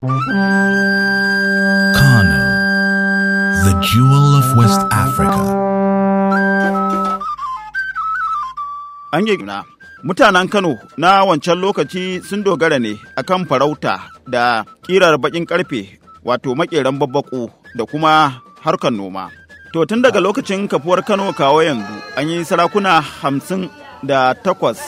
Kano, the jewel of West Africa. An yi mutanen Kano na wancan lokaci sun dogara ne akan farauta da kirar bakin karfe wato makeran babbaku da kuma harkar noma. To tun daga lokacin kafuwar Kano kawo yanzu an yi sarakuna hamsin da takwas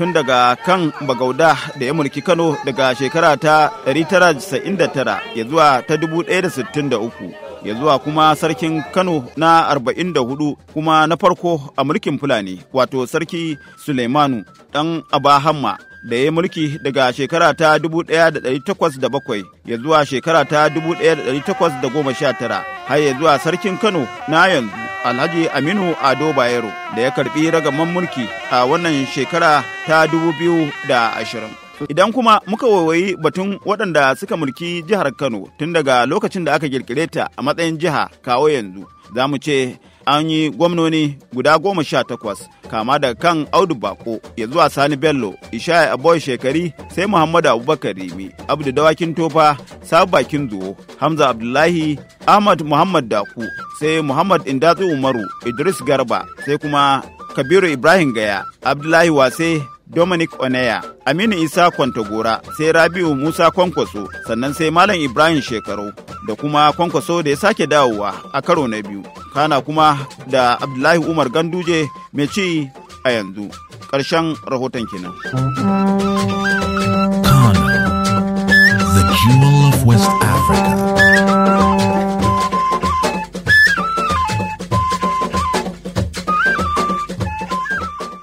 tun daga kan bagauda da ya mulki kano daga shekara ta 999 ya zuwa ta 1063 ya zuwa kuma sarkin Kano na 44 kuma na farko a mulkin Fulani wato sarki Suleimanu ɗan Abahamma da ya mulki daga shekara ta 1807 ya zuwa shekara ta 1819 har ya zuwa sarkin Kano na yanzu alhaji aminu ado bayero da ya karbi ragaman mulki a wannan shekara ta dubu biyu da ashirin Idan kuma muka waiwayi batun waɗanda suka mulki jihar Kano tun daga lokacin da aka kirkire ta a matsayin jiha kawo yanzu, za mu ce an yi gwamnoni guda goma sha takwas kama daga kan audu bako ya zuwa sani bello ishaya aboy shekari sai muhammadu abubakar rimi abdu dawakin tofa sabu bakin zuwo hamza abdullahi ahmad muhammad daku sai muhammad indatsu umaru idris garba sai kuma kabiru ibrahim gaya abdullahi wase Dominic Oneya, Aminu Isa Kwantagora, sai Rabiu Musa Kwankwaso, sannan sai Malam Ibrahim Shekaru da kuma Kwankwaso da ya sake dawowa a karo na biyu. kana kuma da abdullahi umar ganduje mai ci a yanzu ƙarshen rahoton kenan. khan the jewel of West